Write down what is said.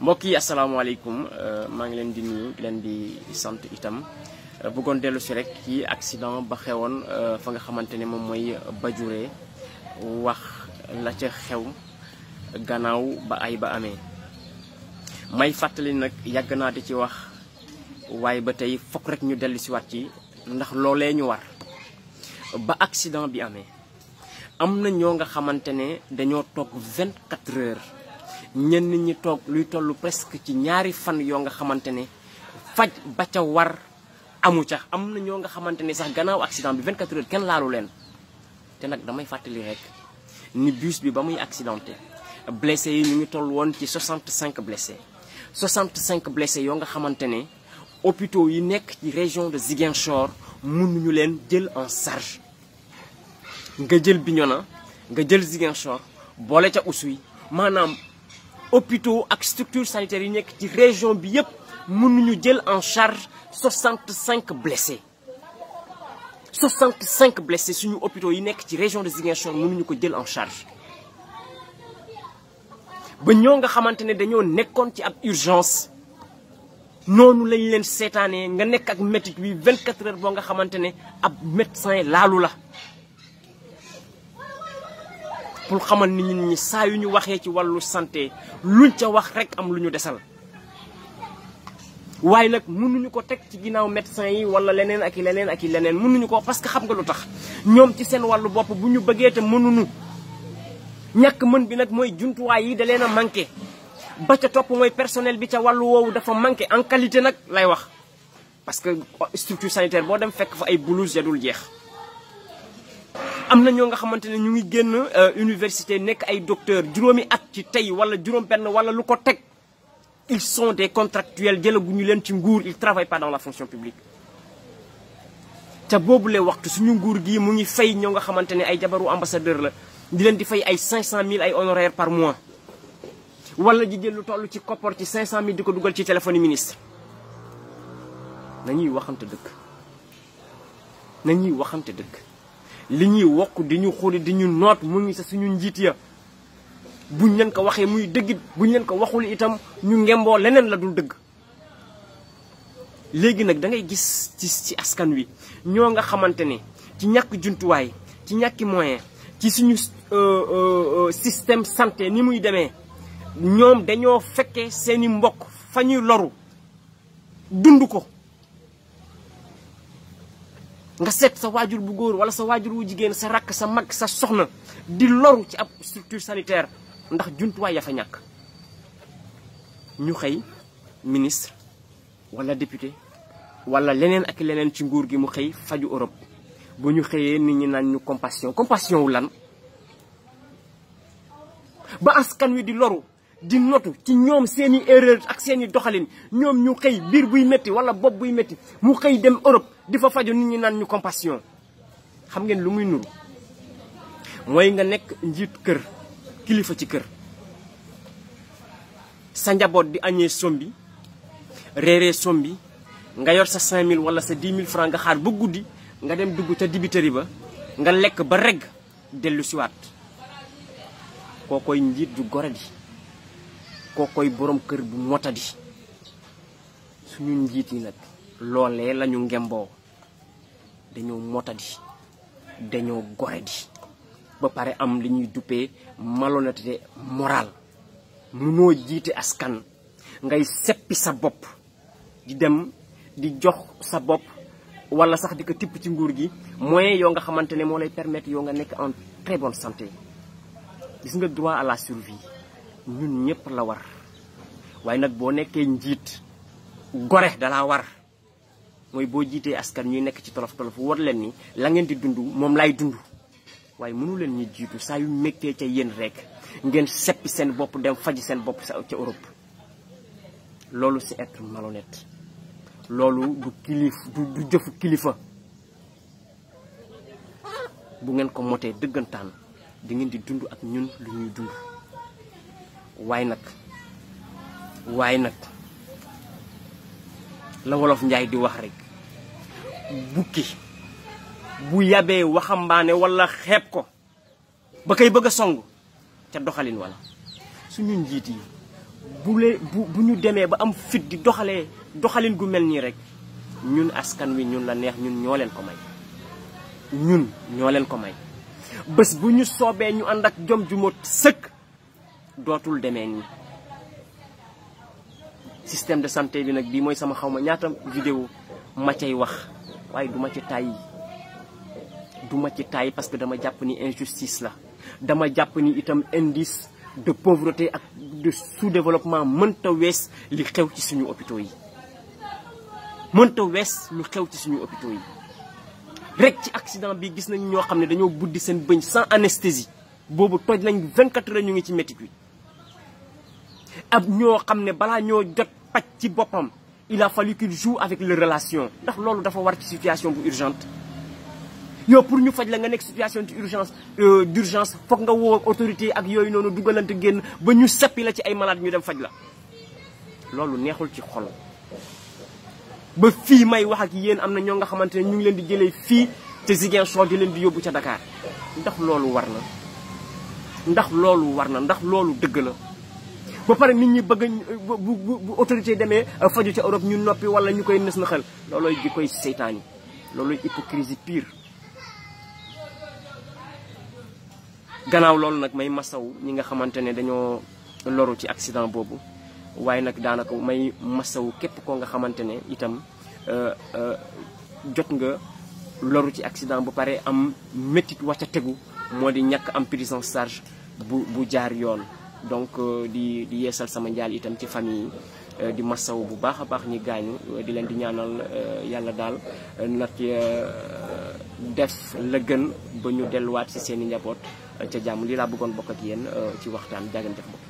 mbokk yi asalaamaaleykum euh, maa ngi leen di nuyu leen di sant itam euh, bëggoon dellu si rek ci accident ba xewoon euh, fa nga xamante ne moom mooy Badiouréh wax la ca xew gannaaw ba ay ba amee may fàttali nag yàgg naa di ci wax waaye ba tey fokk rek ñu dellu si waat ci ndax loolee ñu war ba accident bi amee am na ñoo nga xamante ne dañoo toog 24 heures ñen ñi tok luy tollu presque ci ñaari fan yo nga xamantene ne faj ba ca war amu ca amna ño nga xamantene sax gannaaw accident bi 24 heures kenn laalu len té nak damay fàttali rek ni bus bi ba muy accidenté blessé yi ñu ngi toll won ci 65 blessé 65 blessé yo nga xamantene hôpitaux yi nekk ci région de Ziguinchor ñu len jël en charge nga jël biñona nga jël Ziguinchor bolé ca Oussouye manam hôpitaux ak structures sanitaires de la région bi en charge 65 blessés 65 blessés suñu hôpitaux de la région de Ziguinchor nous en charge Si nous avons urgence lañ leen nga nekk 24 heures nga médecin pour xamal ni ñun ñi saa yu ñu waxee ci wàllu santé luñ ca wax rek am lu ñu desal waaye nag mënuñu ko teg ci ginnaaw médecin yi wala leneen ak i leneen ak i leneen mënuñu ko parce que xam nga lu tax ñoom ci seen wàllu bopp bu ñu bëggee te mënuñu ñàkk mën bi nag mooy jumtuwaay yi da leen a manqué ba ca topp mooy personnel bi ca wàllu woowu dafa manqué en qualité nag lay wax parce que euh, structure sanitaire boo dem fekk fa ay blouse ya dul jeex am na ñoo nga xamante ne ñu ngi génn euh, université nekk ay docteur juróomi at ci tey wala juróom benn wala lu ko teg ils sont des contractuels jëlaguñu leen ci nguur ils travaillent pas dans la fonction publique te boobule waxtu suñu nguur gii mu ngi fay ñoo nga xamante ne ay jabaru ambassadeur la di leen di fay ay 500000 ay honoraires par mois wala di jël lu toll ci koppar ci 500000 di ko dugal ci téléphone ministre nañuy waxante dëgg nañuy waxante dëgg li ñuy wokk di ñu xuli di ñu noot mu ngi sa suñu njiit ya buñ leen ko waxee muy dëggit buñ leen ko waxul itam ñu ngemboo leneen la dul dëgg léegi nag da ngay gis ci ci askan wi ñoo nga xamante ne ci ñàkk jumtuwaay ci ñàkki moyen ci suñu euh, euh, euh, système santé ni muy demee ñoom dañoo fekkee seeni mbokk fa ñuy loru dund ko nga set sa wajur bu góor wala sa wajur wu jigen sa rak sa mag sa soxna di loru ci ap structure sanitaire ndax way ya fa ñak ñu xey ministre wala député wala lenen ak leneen ci nguur gi mu xey faju Europe bu ñu xëyee nit ñi nañ ñu compassion compassion wu lan ba askan wi di loru di notu ci ñoom seeni i erreur ak seen doxalin ñoom ñu xëy biir buy métti wala bopp buy métti mu xëy dem Europe di fa faju nit ñi naan ñu compassion xam ngeen lu muy nuru mooy nga nekk njiit kër kilifa ci kër sa njaboot di añee sombi réeree sombi nga yor sa cinq mille wala sa 10 000 francs nga xaar ba guddi nga dem dugg ca dibiteri ba nga lekk ba regg dellusiwaat siwaat kookooy njiit ju gore koy borom keur bu motadi suñu njit ni nak lolé lañu ngemboo dañoo motadi dañoo goredi ba paré am liñuy duppé malhonnêteté morale mënoo jité askan ngay seppi sa bop di dem di jox sa bop wala sax di tip ci nguur gi moyen yo nga xamantene mo lay permettre yo nga nek en très bonne santé gis nga droit à la survie ñun ñepp la war nak bo nekké njit goré da la war moy bo jité askan ñuy nekk ci tolof tolof war leen ni la ngeen di dundu mom lay dundu way mënu leen ñi jitu sa yu mekké ca yeen rek ngeen seppi seen bop dem faji seen sa ci Europe lolu ci être malhonnête lolu du kilif du du jëfu kilifa bu ngeen ko moté deugantane di ngeen di dundu ak ñun lu ñuy dundu way nak way nak la wolof njaay di wax rek buki bu waxam bané wala xép ko ba kay bëgg songu ca doxalin wala suñu njiti bu lee buñu démé ba am fit di doxalé doxalin gu nyirek, rek ñun askan wi ñun la neex ñun ñoo leen ko may ñun ñoo leen ko may bës buñu sobé ñu jom ju mot seuk dootul demee nii système de santé bi nag bii mooy sama xaw ma ñaata vidéo ma cay wax waaye du ma ci tàyyi du ma ci tàyyi parce que dama jàpp ni injustice la dama jàpp ni itam indice de pauvreté ak de sous-développement mënta wees li xew ci suñu hôpitaux yi mënta wees lu xew ci suñu hôpitaux yi rek ci accident bi gis nañ ñoo xam ne dañoo buddi seen bëñ sans anesthésie boobu toj lañ 24 heures ñu ngi ci métit ab ñoo xam ne balaa ñoo jot paj ci boppam il a fallu qu'il joue avec les relations ndax loolu dafa war ci situation bu urgente yow pour ñu faj la nga nekk situation ci urgence euh, d'urgence foog nga woo autorité ak yooyu noonu dugalante génn ba ñu seppi la ci ay malade ñu dem faj la loolu neexul ci xol ba fii may wax ak yéen am na ñoo nga xamante ne ñu ngi leen di jëlee fii te Ziguinchor di leen di yóbbu ca Dakar ndax loolu war ndax loolu war ndax loolu dëgg ba pare nit ñi bëgg bu bu bu autorité demee euh, faju ci Europe ñu noppi wala ñu koy nës na xel loolooy di koy seytaan yi loolooy hypocrisie pire. gannaaw loolu nag may masaw ñi nga xamante ne dañoo loru ci accident boobu waaye nag daanaka may masaw képp ko nga xamante ne itam euh, euh, jot nga loru ci accident bu pare am métit wàcca tegu moo di ñàkk am prise charge bu bu jaar yoon donc euh, di di yeesal sama njaal itam ci famille yi euh, di masaw bu baax a baax ñi gaañu euh, di leen di ñaanal yàlla daal na ci def la gën ba ñu delluwaat ci seen i njaboot ca jàmm lii laa bëggoon bokk ak yéen ci waxtaan jaagante def